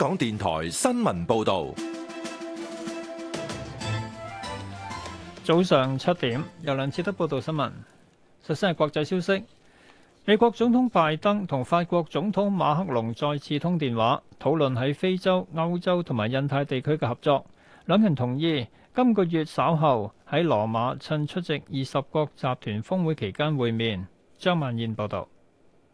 港電台新聞報道，早上七點，由梁志德報道新聞。首先係國際消息，美國總統拜登同法國總統馬克龍再次通電話，討論喺非洲、歐洲同埋印太地區嘅合作。兩人同意今個月稍後喺羅馬，趁出席二十國集團峰會期間會面。張萬燕報道。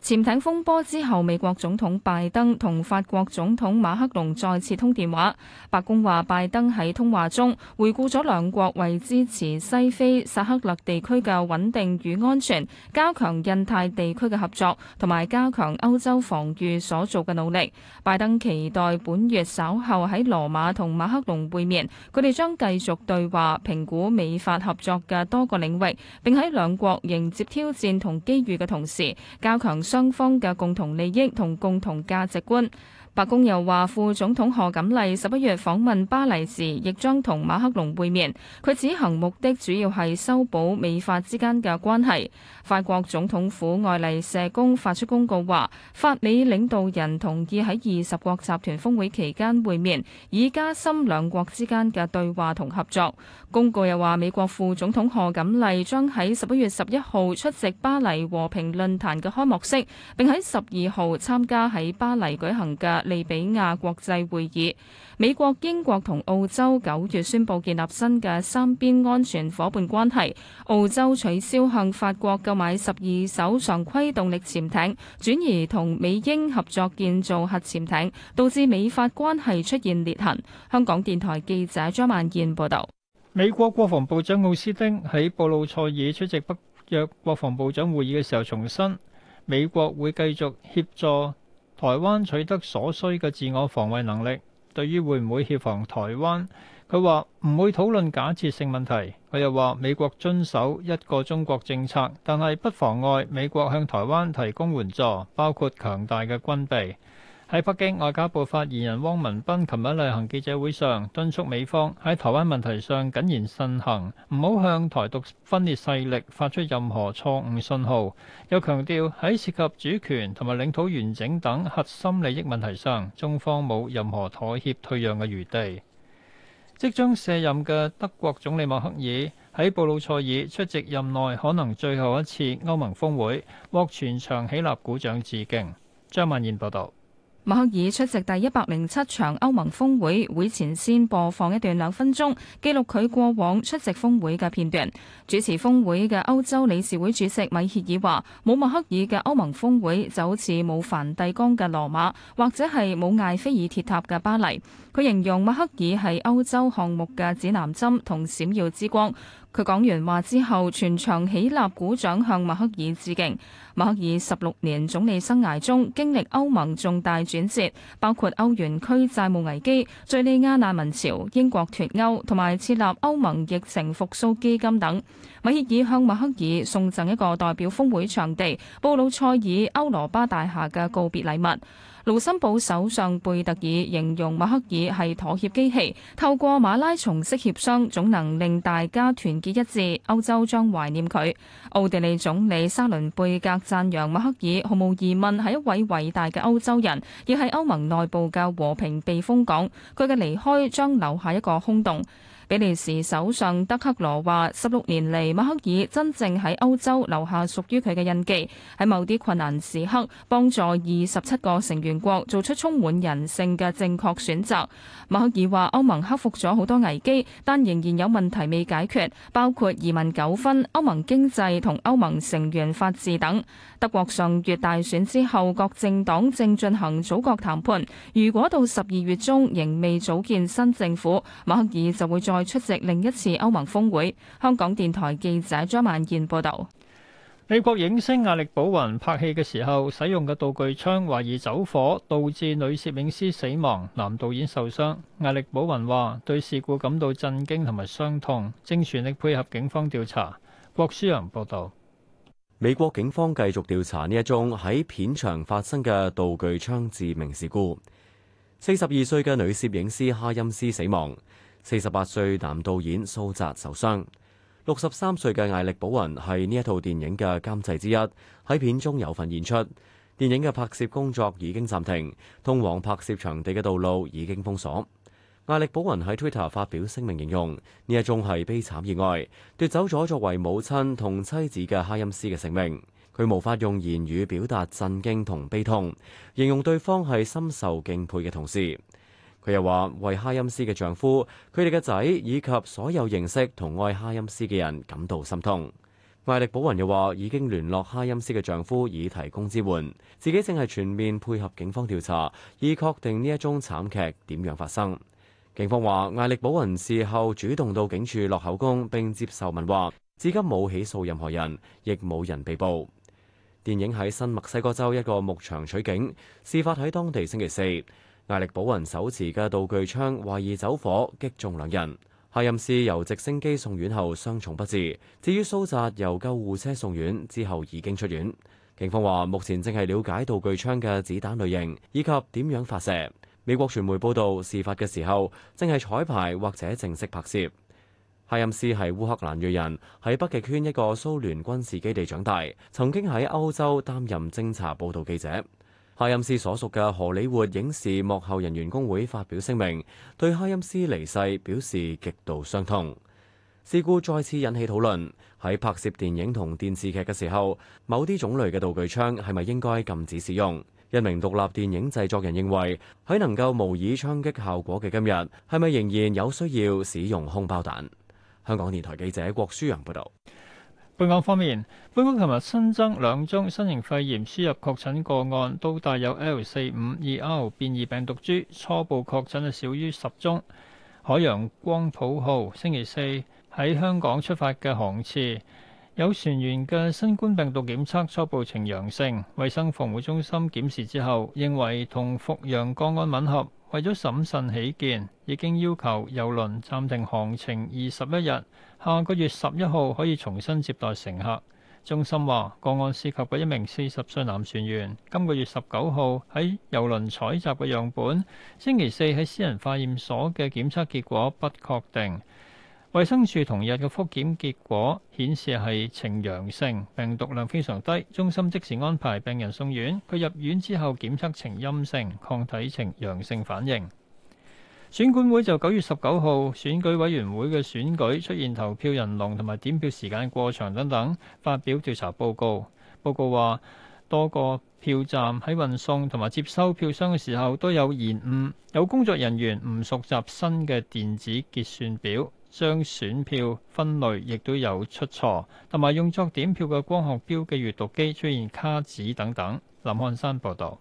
潛艇風波之後，美國總統拜登同法國總統馬克龍再次通電話。白宮話，拜登喺通話中回顧咗兩國為支持西非薩赫勒地區嘅穩定與安全、加強印太地區嘅合作，同埋加強歐洲防禦所做嘅努力。拜登期待本月稍後喺羅馬同馬克龍會面，佢哋將繼續對話，評估美法合作嘅多個領域，並喺兩國迎接挑戰同機遇嘅同時加強。雙方嘅共同利益同共同價值觀。白宮又話，副總統賀錦麗十一月訪問巴黎時，亦將同馬克龍會面。佢此行目的主要係修補美法之間嘅關係。法國總統府愛麗舍宮發出公告話，法美領導人同意喺二十國集團峰會期間會面，以加深兩國之間嘅對話同合作。公告又話，美國副總統賀錦麗將喺十一月十一號出席巴黎和平論壇嘅開幕式，並喺十二號參加喺巴黎舉行嘅利比亞國際會議。美國、英國同澳洲九月宣布建立新嘅三邊安全伙伴關係。澳洲取消向法國購買十二艘常規動力潛艇，轉而同美英合作建造核潛艇，導致美法關係出現裂痕。香港電台記者張萬燕報導。美國國防部長奧斯汀喺布魯塞爾出席北約國防部長會議嘅時候重申，美國會繼續協助。台灣取得所需嘅自我防衛能力，對於會唔會協防台灣，佢話唔會討論假設性問題。佢又話美國遵守一個中國政策，但係不妨礙美國向台灣提供援助，包括強大嘅軍備。喺北京，外交部發言人汪文斌琴日例行記者會上敦促美方喺台灣問題上謹言慎行，唔好向台獨分裂勢力發出任何錯誤信號，又強調喺涉及主權同埋領土完整等核心利益問題上，中方冇任何妥協退讓嘅餘地。即將卸任嘅德國總理默克爾喺布魯塞爾出席任內可能最後一次歐盟峰會獲全場起立鼓掌致敬。張曼燕報道。默克爾出席第一百零七場歐盟峰會，會前先播放一段兩分鐘記錄佢過往出席峰會嘅片段。主持峰會嘅歐洲理事會主席米歇爾話：冇默克爾嘅歐盟峰會，就好似冇梵蒂岡嘅羅馬，或者係冇艾菲爾鐵塔嘅巴黎。佢形容默克爾係歐洲項目嘅指南針同閃耀之光。佢講完話之後，全場起立鼓掌向默克爾致敬。默克爾十六年總理生涯中，經歷歐盟重大轉折，包括歐元區債務危機、敍利亞難民潮、英國脱歐同埋設立歐盟疫情復甦基金等。米歇爾向默克爾送贈一個代表峰會場地布魯塞爾歐羅巴大廈嘅告別禮物。盧森堡首相貝特爾形容默克爾係妥協機器，透過馬拉松式協商，總能令大家團結一致。歐洲將懷念佢。奧地利總理沙倫貝格讚揚默克爾毫無疑問係一位偉大嘅歐洲人，亦係歐盟內部嘅和平避風港。佢嘅離開將留下一個空洞。比利時首相德克羅話：十六年嚟，馬克爾真正喺歐洲留下屬於佢嘅印記，喺某啲困難時刻幫助二十七個成員國做出充滿人性嘅正確選擇。馬克爾話：歐盟克服咗好多危機，但仍然有問題未解決，包括移民糾紛、歐盟經濟同歐盟成員法治等。德國上月大選之後，各政黨正進行組閣談判，如果到十二月中仍未組建新政府，馬克爾就會再出席另一次歐盟峰會。香港電台記者張萬燕報道。美國影星亞力保雲拍戲嘅時候使用嘅道具槍懷疑走火，導致女攝影師死亡，男導演受傷。亞力保雲話：對事故感到震驚同埋傷痛，正全力配合警方調查。郭書陽報道，美國警方繼續調查呢一宗喺片場發生嘅道具槍致命事故。四十二歲嘅女攝影師哈欽斯死亡。四十八歲男導演蘇澤受傷，六十三歲嘅艾力寶雲係呢一套電影嘅監製之一，喺片中有份演出。電影嘅拍攝工作已經暫停，通往拍攝場地嘅道路已經封鎖。艾力寶雲喺 Twitter 發表聲明，形容呢一宗係悲慘意外，奪走咗作為母親同妻子嘅哈欽斯嘅性命。佢無法用言語表達震驚同悲痛，形容對方係深受敬佩嘅同事。佢又話：為哈欽斯嘅丈夫、佢哋嘅仔以及所有認識同愛哈欽斯嘅人感到心痛。艾力保雲又話：已經聯絡哈欽斯嘅丈夫，以提供支援。自己正係全面配合警方調查，以確定呢一宗慘劇點樣發生。警方話：艾力保雲事後主動到警署落口供並接受問話，至今冇起訴任何人，亦冇人被捕。電影喺新墨西哥州一個牧場取景，事發喺當地星期四。艾力保雲手持嘅道具槍懷疑走火，擊中兩人。夏任斯由直升機送院後傷重不治，至於蘇澤由救護車送院之後已經出院。警方話，目前正係了解道具槍嘅子彈類型以及點樣發射。美國傳媒報道，事發嘅時候正係彩排或者正式拍攝。夏任斯係烏克蘭裔人，喺北極圈一個蘇聯軍事基地長大，曾經喺歐洲擔任偵查報道記者。哈欽斯所屬嘅荷里活影視幕後人員工會發表聲明，對哈欽斯離世表示極度傷痛。事故再次引起討論，喺拍攝電影同電視劇嘅時候，某啲種類嘅道具槍係咪應該禁止使用？一名獨立電影製作人認為，喺能夠模擬槍擊效果嘅今日，係咪仍然有需要使用空包彈？香港電台記者郭舒陽報道。本港方面，本港琴日新增兩宗新型肺炎輸入確診個案，都帶有 L 四五二 R 變異病毒株，初步確診係少於十宗。海洋光譜號星期四喺香港出發嘅航次，有船員嘅新冠病毒檢測初步呈陽性，衛生防護中心檢視之後，認為同復陽個案吻合。為咗審慎起見，已經要求郵輪暫停航程二十一日，下個月十一號可以重新接待乘客。中心話個案涉及嘅一名四十歲男船員，今個月十九號喺郵輪採集嘅樣本，星期四喺私人化驗所嘅檢測結果不確定。衛生署同日嘅復檢結果顯示係呈陽性，病毒量非常低。中心即時安排病人送院。佢入院之後檢測呈陰性，抗體呈陽性反應。選管會就九月十九號選舉委員會嘅選舉出現投票人龍同埋點票時間過長等等，發表調查報告。報告話多個票站喺運送同埋接收票箱嘅時候都有延誤，有工作人員唔熟習新嘅電子結算表。將選票分類亦都有出錯，同埋用作點票嘅光學標記閱讀機出現卡紙等等。林漢山報道。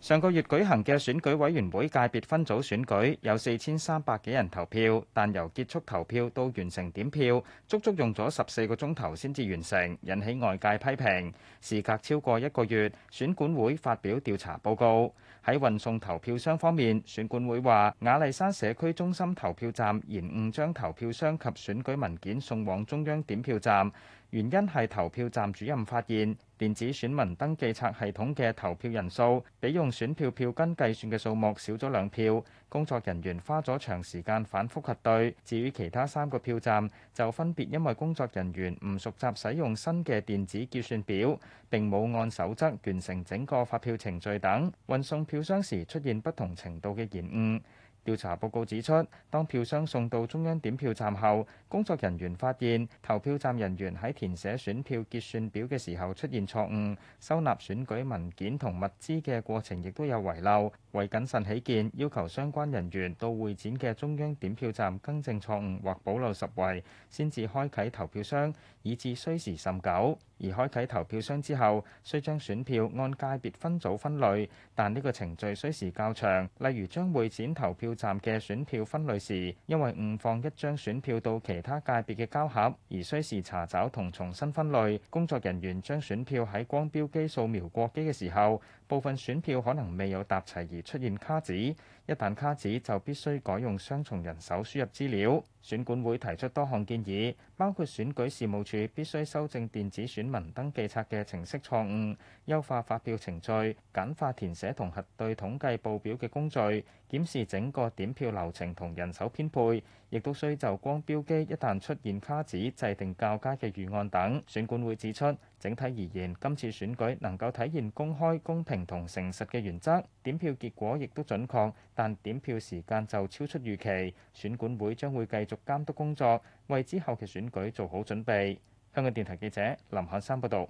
上個月舉行嘅選舉委員會界別分組選舉有四千三百幾人投票，但由結束投票到完成點票，足足用咗十四個鐘頭先至完成，引起外界批評。時隔超過一個月，選管會發表調查報告，喺運送投票箱方面，選管會話雅麗珊社區中心投票站延誤將投票箱及選舉文件送往中央點票站，原因係投票站主任發現。電子選民登記冊系統嘅投票人數比用選票票根計算嘅數目少咗兩票，工作人員花咗長時間反覆核對。至於其他三個票站，就分別因為工作人員唔熟習使用新嘅電子結算表，並冇按守則完成整個發票程序等，運送票箱時出現不同程度嘅延誤。調查報告指出，當票箱送到中央點票站後，工作人員發現投票站人員喺填寫選票結算表嘅時候出現錯誤，收納選舉文件同物資嘅過程亦都有遺漏。為謹慎起見，要求相關人員到會展嘅中央點票站更正錯誤或保留十位，先至開啓投票箱，以致需時甚久。而開啓投票箱之後，需將選票按界別分組分類，但呢個程序需時較長。例如將會展投票站嘅選票分類時，因為誤放一張選票到其他界別嘅膠盒，而需時查找同重新分類。工作人員將選票喺光標機掃描過機嘅時候，部分選票可能未有搭齊而出現卡紙，一旦卡紙就必須改用雙重人手輸入資料。選管會提出多項建議，包括選舉事務處必須修正電子選民登記冊嘅程式錯誤，優化發票程序，簡化填寫同核對統計報表嘅工序。檢視整個點票流程同人手編配，亦都需就光標機一旦出現卡紙，制定較佳嘅預案等。選管會指出，整體而言，今次選舉能夠體現公開、公平同誠實嘅原則，點票結果亦都準確，但點票時間就超出預期。選管會將會繼續監督工作，為之後嘅選舉做好準備。香港電台記者林漢山報道。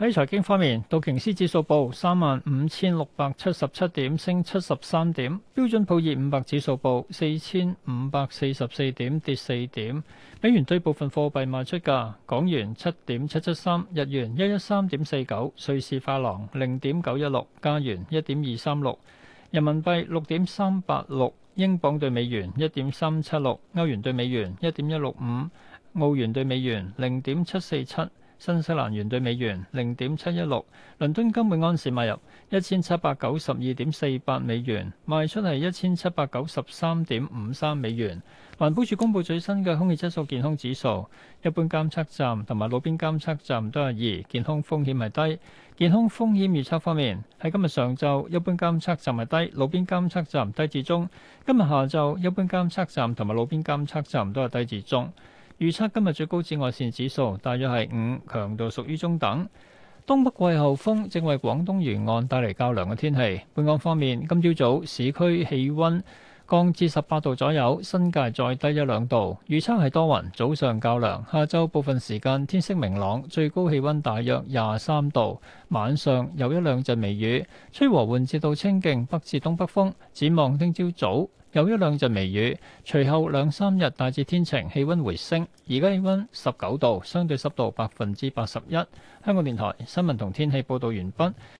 喺財經方面，道瓊斯指數報三萬五千六百七十七點，升七十三點；標準普爾五百指數報四千五百四十四點，跌四點。美元對部分貨幣賣出價：港元七點七七三，日元一一三點四九，瑞士法郎零點九一六，加元一點二三六，人民幣六點三八六，英鎊對美元一點三七六，歐元對美元一點一六五，澳元對美元零點七四七。新西蘭元兌美元零點七一六，倫敦金每盎司買入一千七百九十二點四八美元，賣出係一千七百九十三點五三美元。環保署公布最新嘅空氣質素健康指數，一般監測站同埋路邊監測站都係二，健康風險係低。健康風險預測方面，喺今日上晝一般監測站係低，路邊監測站低至中。今日下晝一般監測站同埋路邊監測站都係低至中。預測今日最高紫外線指數大約係五，強度屬於中等。東北季候風正為廣東沿岸帶嚟較涼嘅天氣。本港方面，今朝早，早市區氣温降至十八度左右，新界再低一兩度。預測係多雲，早上較涼，下晝部分時間天色明朗，最高氣溫大約廿三度。晚上有一兩陣微雨，吹和緩至到清勁北至東北風，展望聽朝早，早有一兩陣微雨，隨後兩三日大致天晴，氣溫回升。而家氣溫十九度，相對濕度百分之八十一。香港電台新聞同天氣報道完畢。